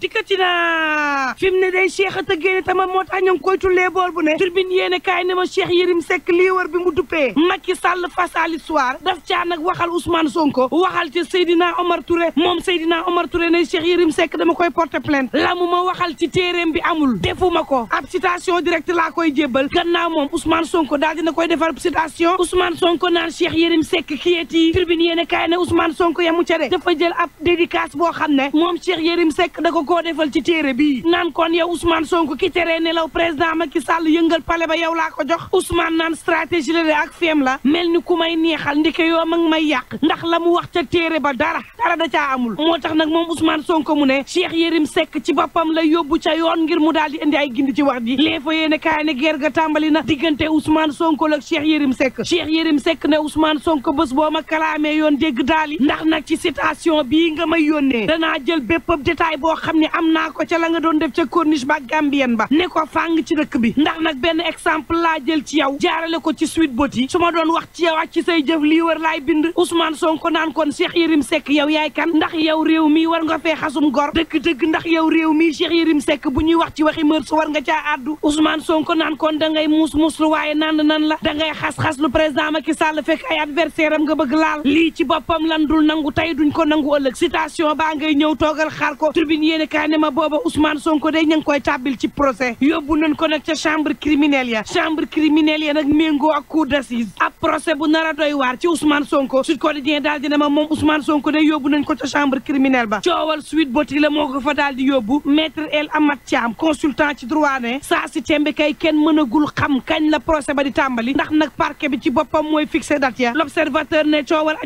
dikkati na fi mu ne day Cheikh Anta Gueye tamit moo tax ñu ngi koy tullee bool bu ne turbine yéene kaay ne ma Cheikh Yérim Seck lii wër bi mu duppee Macky Sall face à l'histoire daf caa nag waxal Ousmane Sonko waxal ci Seydina Omar Touré moom Seydina Omar Touré ne Cheikh Yérim sekk dama koy porter plainte la mu ma waxal ci téeréem bi amul defuma ko ab citation directe laa koy jébbal gannaaw moom Ousmane Sonko daal dina koy defar citation Ousmane Sonko naan Cheikh Yérim Seck kiyeti turbine yéene kaay ne Ousmane Sonko yamu ca de dafa jël ab dédicace boo xam ne moom Cheikh Yérim Seck koo defal ci téere bi naan kon yow Ousmane sonk ki teree nelaw président ma ki sàll yëngal pale ba yow laa ko jox Ousmane naan stratégie la de ak feem la mel ni ku may neexal ndike yoo mag may yàq ndax la mu wax ca téere ba dara dara da caa amul moo tax nag moom Ousmane Sonko mu ne Cheikh Yérim sekk ci boppam la yóbbu ca yoon ngir mu daal di indi ay gindi ci wax ji léefa yéene kaay ne ger ga tàmbali na diggante Ousmane sonk la Cheikh Yérim Seck Cheikh Yérim Seck ne Ousmane Sonko bés boo ma kalaamee yoon dégg daal yi ndax nag ci citation bii nga may yónnee danaa jël ni am naa ko ca la nga doon def ca corniche ba gambien ba ne ko fàng ci dëkk bi ndax nag benn exemple laa jël ci yow jaarale ko ci suite bot yi su ma doon wax ci yow ak ci say jëf lii wër laay bind Ousmane Sonko naan kon Cheikh Yérim Seck yow yaay kan ndax yow réew mi war nga fee xasum gor dëgg-dëgg ndax yow réew mi Cheikh Yérim Seck bu ñuy wax ci waxi mër su war nga ca àddu Ousmane Sonko naan kon da ngay muus muuslu waaye nan nan la da ngay xas-xas lu président Macky Sall fekk ay adversaire am nga bëgg laal lii ci boppam lan dul nangu tey duñ ko nangu ëllëg citation baa ngay ñëw toogal xaar yéene kaay ne ma booba Ousmane Sonko day ñu koy tàbbil ci procès yóbbu nañ ko nag ca chambre criminelle ya chambre criminelle ya nag méngoo ak cour d'assises ab procès bu nar a doy waar ci Ousmane Sonko Sud Quotidien daal di ma moom Ousmane Sonko day yóbbu nañ ko ca chambre criminelle ba coowal Sweet Beauté la moo ko fa daal yóbbu maître El Amat Thiam consultant ci droit ne saa si tembe kay kenn mënagul xam kañ la procès ba di tàmbali ndax nag parquet bi ci boppam mooy fixé date ya l'observateur ne coowal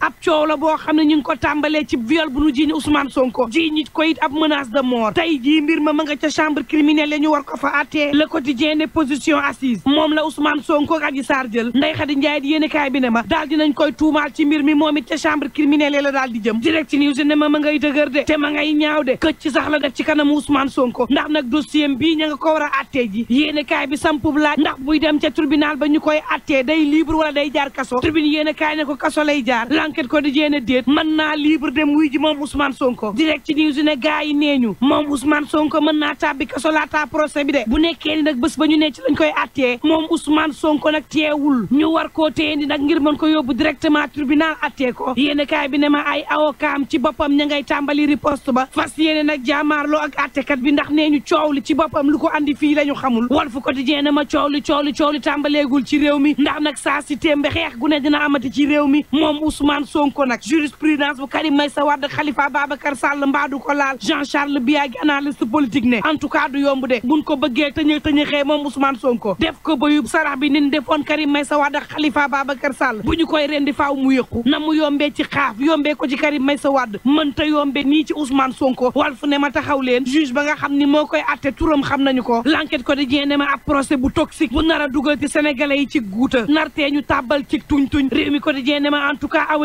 ab coow la boo xam ne ñu ngi ko tàmbalee ci viol bu nu jiiñ Ousmane Sonko ji ñi ko it ab menace de mort tey jii mbir ma ma nga ca chambre criminelle la ñu war ko fa attee le ko ne position assise moom la Ousmane Sonko ak Adji Sarr jël Ndeye Khady Ndiaye di yéene kaay bi ne ma daal dinañ koy tuumaal ci mbir mi moom it ca chambre criminelle la daal di jëm direct news ne ma ma ngay de te ma ngay ñaaw de këcc ci sax def ci kanamu Ousmane Sonko ndax nag dossier bii ña nga ko war a attee ji yéene kaay bi sampub laaj ndax buy dem ca tribunal ba ñu koy attee day libre wala day jaar kaso tribune yéene ko kaso lay jaar enquête ko di jeene déet mën naa libre dem wuy ji moom Ousmane Sonko direct ci news ne gars yi nee ñu moom Ousmane Sonko mën naa tàbbi kaso laata bi de bu nekkee ni nag bés ba ñu ne ci lañ koy attee moom Ousmane Sonko nag teewul ñu war koo téyendi nag ngir mën ko yóbbu directement tribunal attee ko yéene kaay bi ne ma ay awokaam ci boppam ña ngay tàmbali riposte ba fas yéene nag jaamaarloo ak attekat bi ndax nee ñu coow li ci boppam lu ko andi fii la ñu xamul Walf Quotidien ne ma coow li coow li coow li tàmbaleegul ci réew mi ndax nag saa si téembe xeex gu ne dina amati ci réew mi Ousmane Sonko nag jurisprudence bu Karim Meïssa Wade Khalifa Babacar Sall mbaa du ko laal Jean Charles Biagi analyste politique ne en tout cas du yomb de buñ ko bëggee tëñë tëñëxee moom Ousmane Sonko def ko ba yub sarax bi nin defoon Karim Meïssa Wade Khalifa Babacar Sall bu ñu koy rendi faaw mu yëqu na mu yombee ci xaaf yombee ko ci Karim Meïssa Wade mënta yombe nii ci Ousmane Sonko Walf ne ma taxaw leen juge ba nga xam ni moo koy atte turam xam nañu ko l'enquête ko di jeene ma ab procès bu toxique yi ci guuta nartee ñu tàbbal ci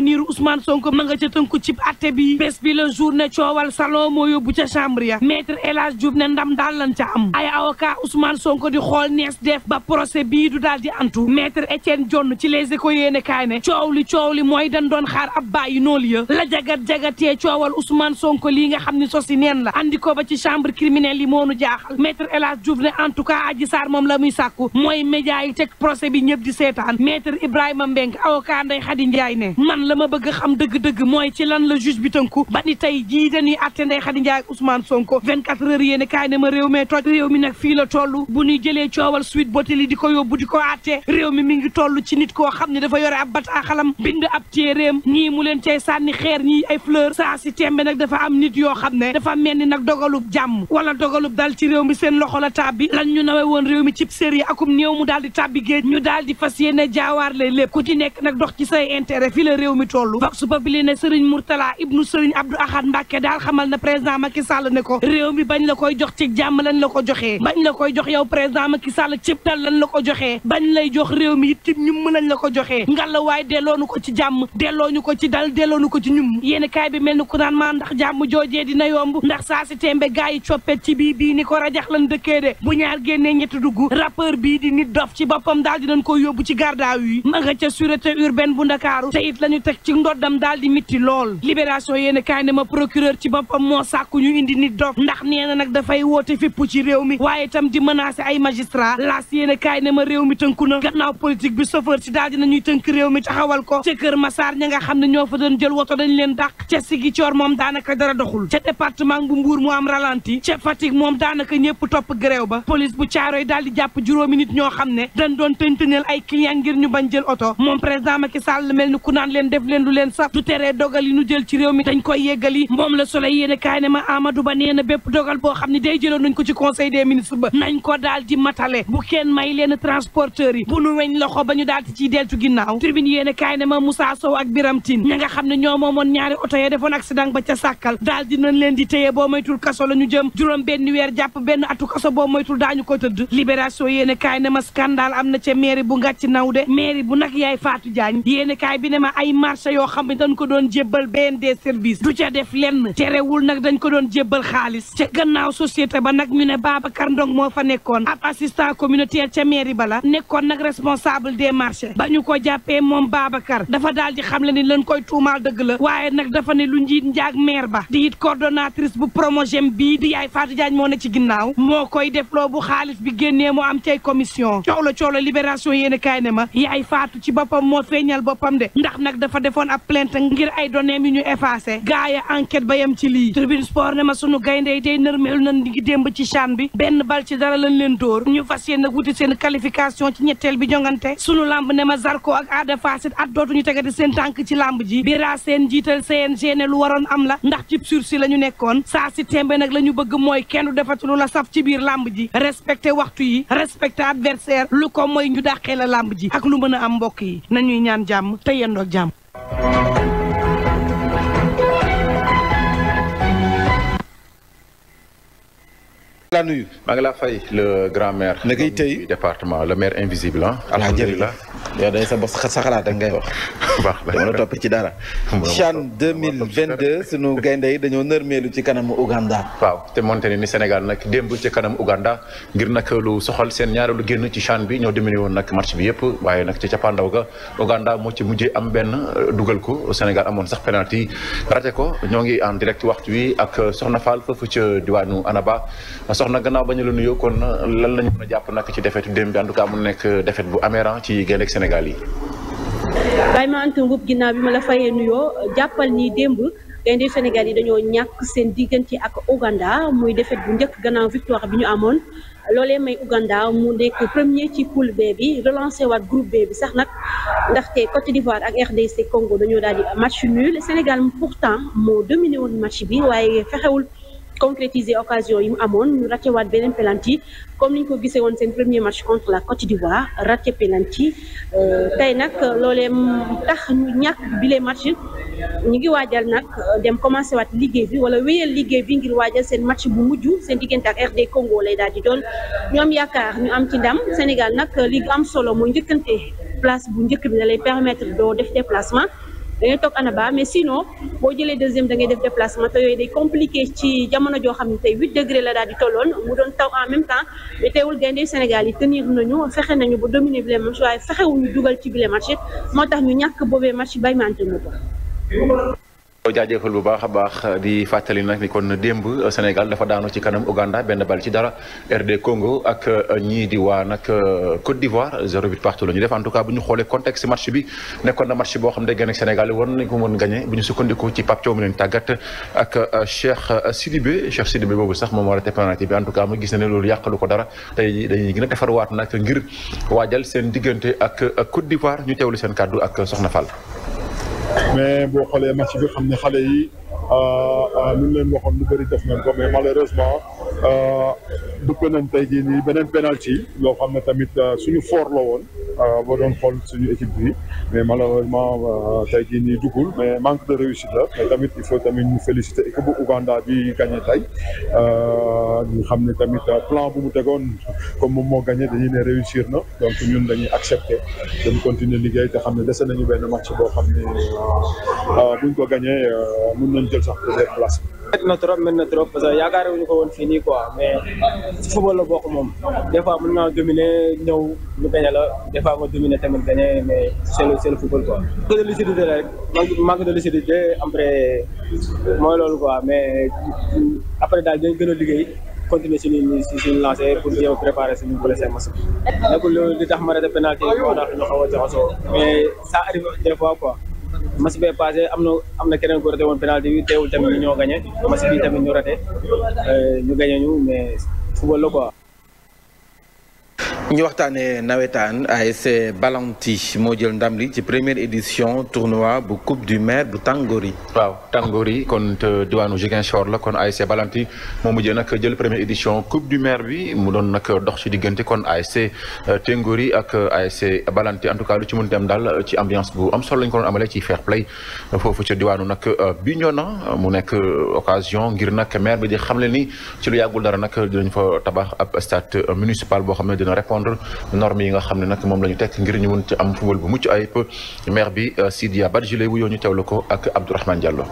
niir Ousmane Sonko ma nga ca tënku cib atte bi bés bi la journée coowal salon moo yóbbu ca chambre ya maître El Hadj ndam daal lañ ca am ay avocat Ousmane Sonko di xool nees def ba procès bii du daal di antu maître Étienne Dione ci les échos yéene kaay ne coow li mooy dan doon xaar ab bàyyi noolu ya la jagat jagat jagatee coowal Ousmane Sonko lii nga xam ne sosi neen la andi ko ba ci chambre criminelle yi moonu jaaxal maître El Hadj Diouf ne en tout cas Adji Sarr moom la muy sàkku mooy média yi teg bi ñëpp di seetaan maître Ibrahima Mbeng avocat Ndeye Khady Ndiaye ne la ma bëgg xam dëgg-dëgg mooy ci lan la juge bi tënku ba ni tey jii dañuy atte Ndeye Khady Ndiaye ak Ousmane Sonko 24 heures yéen kaay ne ma réew mee toj réew mi nag fii la toll bu ñuy jëlee coowal suite boteli di ko yóbbu di ko atte réew mi mi ngi toll ci nit koo xam ne dafa yore ab bataaxalam bind ab téeréem ñii mu leen cay sànni xeer ñii ay fleur saa si tembe nag dafa am nit yoo xam ne dafa mel ni nag dogalub jàmm wala dogalub dal ci réew mi seen loxo la tàbbi lan ñu woon réew mi cib série akum mu daal di tàbbi géej ñu di fas yéene jaawaar lay lépp ku nag dox ci say intérêt fi réew mi toll vox populi ne Serigne Mourtala ibnu Serigne Abdou Ahad Mbacké daal xamal na président Macky Sall ne ko réew mi bañ la koy jox ci jàmm lañ la ko joxee bañ la koy jox yow président Macky cib dal lañ la ko joxee bañ lay jox réew mi it ñum lañ la ko joxee ngalla waaye delloonu ko ci jàmm dellooñu ko ci dal delloonu ko ci ñum yéen kaay bi mel ni ku naan maa ndax jàmm joojee dina yomb ndax saa si tembe gars coppet ci bii bii ni ko rajax lan dëkkee de bu ñaar génnee ñetti dugg rappeur bii di nit dof ci boppam daal ko yóbbu ci gardaaw yi ma nga ñu teg ci ndoddam daal di mitti lool libération yéen kaay ne ma procureur ci boppam moo sàkku ñu indi nit dof ndax nee na nag dafay woote fépp ci réew mi waaye tam di menacer ay magistrat laas yéen kaay ne ma réew mi tënku na gannaaw politique bi chauffeur si daal dina ñuy tënk réew mi taxawal ko ca Kër Massar ña nga xam ne ñoo fa doon jël woto dañ leen dàq ca Ziguinchor moom daanaka dara doxul ca département bu Mbour mu am ralenti ca Fatick moom daanaka ñëpp topp grève ba police bu Caaroy daal di jàpp juróomi nit ñoo xam ne dañ doon tëntëneel ay client ngir ñu bañ jël oto moom def leen lu leen sax du teree dogal yi nu jël ci réew mi dañ koy yeggali moom la soleil yéene kaay ma Amadou Ba nee bépp dogal boo xam ne day jëloon nañ ko ci conseil des ministres ba nañ ko daal di matale bu kenn may leen transporteurs yi bu nu weñ loxo ba ñu daal di ciy deltu ginnaaw tribune yéene kaay ne ma Moussa Sow ak Biram Tine ña nga xam ne ñoo moomoon ñaari oto ya defoon accident ba ca sàkkal daal di leen di téye boo moytul kaso la ñu jëm juróom benn weer jàpp benn atu kaso boo moytul daañu ko tëdd libération yéene kaay ne ma scandale am na ca mairie bu ngàcc naw de mairie bu nag yaay faatu Diagne yéene bi ne ma ay marché yoo xam ne dañ ko doon jébbal de service du ca def lenn terewul nag dañ ko doon jébbal xaalis ca gannaaw société ba nag ñu ne Babacar Ndong moo fa nekkoon ab assistant communautaire ca mairie ba la nekkoon nag responsable des marchés ba ñu ko jàppee moom Babacar dafa daal di xam le ni lañ koy tuumaal dëgg la waaye nag dafa ne lu njiit njaag maire ba di it coordonnatrice bu promogem bii di yaay faatu Diagne moo ne ci ginnaaw moo koy def loo bu xaalis bi génnee moo am cay commission coow la coow libération yéen a kaay ne ma yaay ci boppam moo feeñal boppam dafa defoon ab plainte ngir ay données yu ñu effacé gaaya enquête ba yem ci lii tribune sport ne ma sunu gaynde yi tey nërmeelu nañ ngi démb ci chan bi benn bal ci dara lañ leen dóor ñu fas yéen nag wuti seen qualification ci ñetteel bi jongante sunu làmb ne ma Zarko ak Ada Fass it at dootuñu tegati seen tànk ci làmb ji bira seen jiital CNG ne lu waroon am la ndax ci sursi la ñu nekkoon saa si tembe nag la ñu bëgg mooy kenn du defatu la saf ci biir lamb ji respecté waxtu yi respecté adversaire lu ko mooy ñu dàqee la lamb ji ak lu mën a am mbokk yi nañuy ñaan jàmm te yendoog jàmm la nuyu maa ngi laa fay le grand maire na ngay tey département le maire invisible ah la yow day sa bopp sa xalaat ngay wax a topp ci dara. CHAN 2022 sunu gaynde yi dañoo nërmeelu ci kanamu Uganda. waaw te moonte ni Sénégal nag démb ci kanam Uganda ngir nag lu soxal seen ñaareelu génn ci CHAN bi ñoo diminué woon nag match bi yëpp waaye nag ci cappaandaw ga Uganda moo ci mujjee am benn dugal ko Sénégal amoon sax penalty raté ko ñoo ngi en direct waxtu wi ak Soxna Fall foofu ca diwaanu Anaba soxna gannaaw ba ñu la nuyoo kon lan lañu mën a jàpp nag ci defetu démb bi en tout nekk defet bu améran ci gaynde Sénégal yi. Ibrahima Anta Mboup ginnaaw bi ma la fayee nuyoo jàppal ni démb gaynde Sénégal yi dañoo ñàkk seen diggante ak Ouganda muy défaite bu njëkk gannaaw victoire bi ñu amoon loolee may Ouganda mu nekk premier ci poule B bi relancé waat groupe B bi sax nag ndaxte Côte d'Ivoire ak RDC Congo dañoo daal di match nul Sénégal pourtant moo dominé woon match bi waaye fexewul. concrétiser occasion yi mu amoon ñu raté waat beneen penalty comme ni ñu ko gisee woon seen premier match contre la Côte d'Ivoire raté penalty euh, tey nag euh, loolee tax ñu ñàkk bile match ñu ngi waajal nag euh, dem commencé waat liggéey bi wala wéyal liggéey bi ngir waajal seen match bu mujj seen diggante ak RD Congo lay daal di doon ñoom yaakaar ñu am ci ndam Sénégal nag li am solo mooy njëkkante place bu njëkk bi da lay permettre doo def déplacement. da ngay toog anaba mais sinon boo jëlee deuxième da ngay def déplacement te yooyu day compliqué ci jamono joo xam ne tey huit degré la daal di tolloon mu doon taw en même temps mais teewul gaynde Sénégal yi tenir nañu fexe nañu ba dominer bile match waaye fexewuñu dugal ci bile match moo tax ñu ñàkk boobee match bay mante ñu ko o jaajëfal bu baax a baax di fàttali nag ni kon démb Sénégal dafa daano ci kanam Ouganda benn bal ci dara RD Congo ak euh, ñii di waa nag euh, Côte d'Ivoire zéro but partout la ñu def en tout cas ñu xoolee contexte match bi nekkoon na match boo xam ne gën Sénégal war nañ ko mën gagné bu ñu sukkandiku ci Pape Thiaw mi leen tàggat ak euh, Cheikh Sidibé Cheikh Sidibé boobu sax moom war a te bi en tout cas mu gis na ne loolu yàqalu ko dara tey dañuy gën a defarwaat nag ngir waajal seen diggante ak Côte d'Ivoire ñu teewlu seen kàddu ak Soxna Fall mais boo xoolee match bi xam ne xale yi. lu euh, euh, ñu leen waxoon nu bëri def nañ ko mais malheureusement euh, duppe nañ tey jii nii beneen penalty loo xam ne tamit suñu fort la woon boo doon xool suñu équipe bi mais malheureusement tey jii nii dugul mais manque de réussite la mais tamit il faut tamit ñu féliciter équipe bu Ouganda bi gagné tey ñu xam ne tamit plan bu mu tegoon comme moom moo gagné dañuy ne réussir na donc ñun dañuy accepter dañu continue liggéey te xam ne dese nañu benn match boo xam ne buñ ko gagné jël sax première place met na trop met na trop parce que yaakaare wuñu ko woon fii nii quoi mais football la book moom des fois mën nga ñëw ñu gañe la des fois nga dominer tamit gañe mais c'est le c'est le football quoi manque de lucidité la rek de lucidité après mooy loolu quoi mais après daal dañ gën a liggéey continuer si suñu lancé pour jéem a préparer suñu blessé match bi nekkul loolu di tax ma raté penalty moo tax ñu xaw a mais ça arrive des fois quoi match bee passé am na am na keneen ko raté woon penalty bi teewul tamit ñu ñoo gagné match bi tamit ñu raté euh, ñu gagné ñu mais football la quoi. ñu waxtaanee nawetaan ASC Balanti moo jël ndam li ci première édition tournoi bu coupe du maire bu Tangori. waaw Tangori kon diwaanu Ziguinchor la kon ASC Balanti moo mujjee nag jël première édition coupe du maire bi mu doon nag dox ci diggante kon ASC euh, Tangori ak euh, ASC Balanti en tout cas lu ci mën dem daal euh, ci ambiance bu am solo lañ ko doon amalee ci fair play foofu ca diwaanu nag Bignona mu nekk occasion ngir nag maire bi di xam le ni ci lu yàggul dara nag fa tabax ab stade boo xam ne répondre normes yi nga xam ne nag moom la ñu tekk ngir ñu mun ci am football bu mucc ayib maire bi euh, Sidia Badji lay wuyoo ñu teewlu ko ak Abdourahmane Diallo.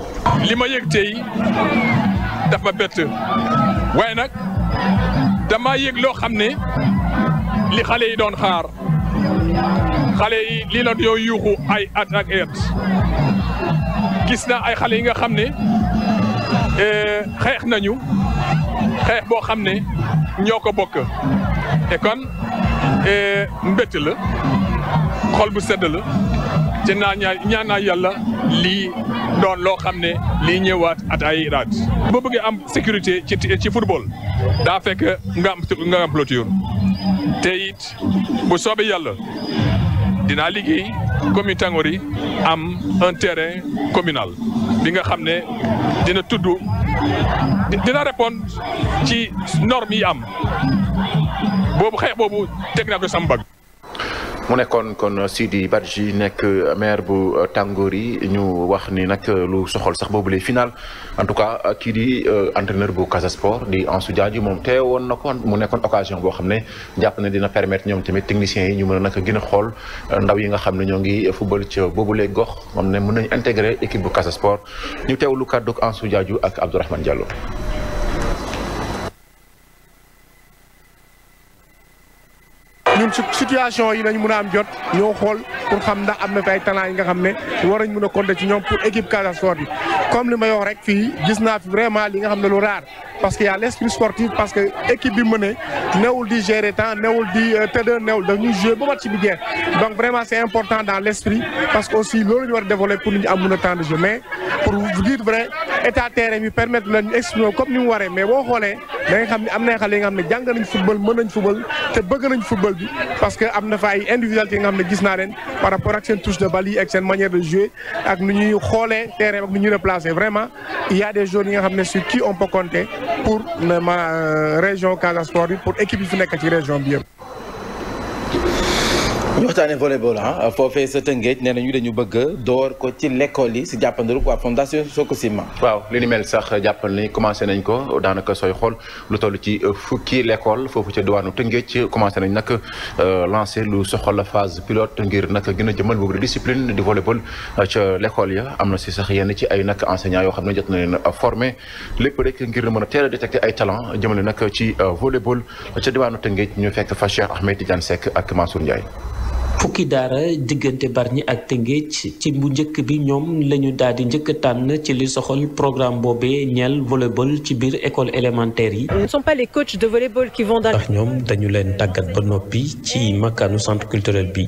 li ma yëg tey daf ma waaye nag dama yëg loo xam ne xale yi doon xaar xale yi lii la yuuxu ay at ak eet gis naa ay xale yi nga xam ne euh, xeex nañu xeex boo xam ne ñoo bokk te kon mbétte la xol bu sedd la te naa ñaan naa yàlla lii doon loo xam ne lii ñëwaat at ay raad boo bëggee am sécurité ci ci football daa fekk nga am nga am clôture te it bu soobee yàlla dinaa liggéey commune Tangori am un communal bi nga xam ne dina tudd dina répondre ci normes yi am boobu xeex boobu teg naa ko sama mu nekkoon kon Sidi Badji nekk maire bu Tàngoor yi ñu wax ni nag lu soxal sax boobu lay final en tout cas kii di euh, entraîneur bu Casa Sport di Ansu Djadji moom teewoon na ko mu nekkoon occasion boo xam ne jàpp na dina permettre ñoom tamit techniciens yi ñu mën a nag gën a xool euh, ndaw yi nga xam ne ñoo ngi football ci boobulee gox moom ne mën nañu intégrer équipe bu Casa Sport ñu teewlu kàddu Ansu Djadji ak Abdourahmane Diallo ñun situation yi nañ mën a am jot ñoo xool pour xam ndax am na fi ay talent yi nga xam ne war nañ mun a compter ci ñoom pour équipe Casa Sport bi comme li may wax rek fii gis naa fi vraiment li nga xam ne lu raar parce que y' a l' esprit sportif parce que équipe bi mëne newul di gérer temps newul di euh, tëdd newul dañuy jouer ba match bi jeex donc vraiment c' est important dans l' esprit parce que aussi loolu ñu war a développer pour nit ñi am temps de jeu mais pour vous dire vrai état terrain bi permettre la ñu exprimer comme ni mu waree mais boo xoolee da nga xam ne am na xale yi nga xam ne jàng football mën football te bëgg nañ football bi parce que am na fa ay yi nga xam ne gis naa leen par rapport ak seen touche de balle yi ak seen vraiment il des joueurs yi nga xam ne sur qui on peut pour le ma euh, région Casa Sport bi pour équipe yi fi nekk ci région bi yëpp. ñu waxtaanee volleyball ah foofee sa tëngeej nee ñu dañu bëgg door ko ci l'école yi si jàppandalu waa fondation Sococim waaw li ni mel sax jàppal ni commencé nañ ko daanaka sooy xool lu toll ci fukki l'école foofu ca diwaanu tëngeej commencé nañ nag euh, lancé lu soxal la phase pilote ngir nag gën a jëmal boobu discipline di volleyball euh, ca l'école ya am na si sax yenn ci ay nag enseignants yoo xam ne jot na leen formé lépp rek ngir mën a teel a détecté ay talent jëmale nag ci euh, volleyball ca diwaanu tëngeej ñu fekk fa Cheikh Ahmed Tidiane Seck ak Mansour fukki daara diggante Bargny ak Tëngéej ci bu njëkk bi ñoom lañu daal di njëkk tànn ci li soxal programme boobee ñeel volleyball ci biir école élémentaire yi. ne sont pas les coachs de volleyball ñoom dañu leen tàggat ba noppi ci makaanu centre culturel bi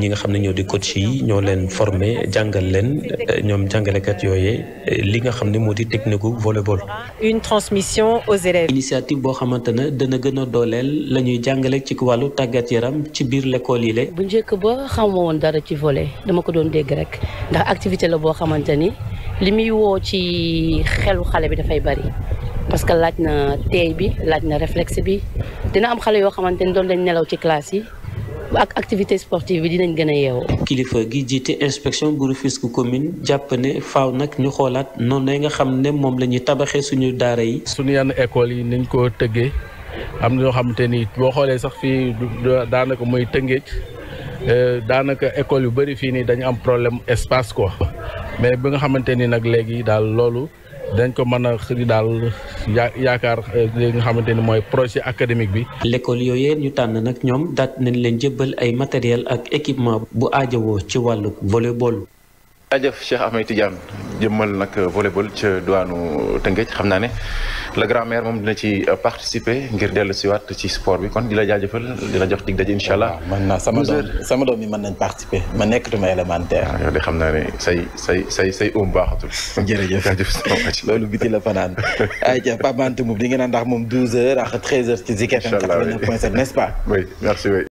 ñi nga xam ne ñoo di coach yi ñoo leen formé jàngal leen ñoom jàngalekat yooyee li nga xam ne moo di technique volleyball. une transmission aux élèves. initiative boo xamante ne dana gën dooleel la ñuy jàngale ci wàllu tàggat yaram ci biir l'école njëkk ba xamuma woon dara ci volet dama ko doon dégg rek ndax activité la boo xamante ni li muy woo ci xelu xale bi dafay bari parce que laaj na teey bi laaj na réflexe bi dina am xale yoo xamante ni doon dañ nelaw ci classe yi ak activité sportive bi dinañ gën a yeewoo. kilifa gi jiite inspection bu Rufisque commune jàpp ne faaw nag ñu xoolaat noonu lay nga xam ne moom la ñuy tabaxee suñu daara yi. suñu yenn école yi niñ ko tëggee am na ñoo xamante ni boo Euh, daanaka école yu bëri fii nii dañu am problème espace ko mais bi nga xamante ni nag léegi daal loolu dañ ko mën a xëy daal yaa yaakaar euh, li nga xamante ni mooy projet académique bi. lekkool yooyu ñu tànn nag ñoom daat nañ leen jëbbal ay matériel ak équipement bu aajowoo ci wàllu volleyball. jaajëf Cheikh Ahmed Tidiane jëmmal nag volleyball ca duwaanu Tëngéej xam naa ne la grand-mère moom dina ci euh, participer ngir dellu siwaat ci sport bi kon di la jaajëfal di la jox dig daje incha allah. man naa sama doom sama doom yi mën nañ participer ma nekkatuma élémentaire. Ah, yow de xam naa ne say say say say oom baaxatul. jërëjëf jërëjëf loolu biti la fanaan ayca Pape Mante moom di ngeen a ndax moom 12h ak 13h ci Zik FM. incha allah oui 89.7 n'est-ce pas.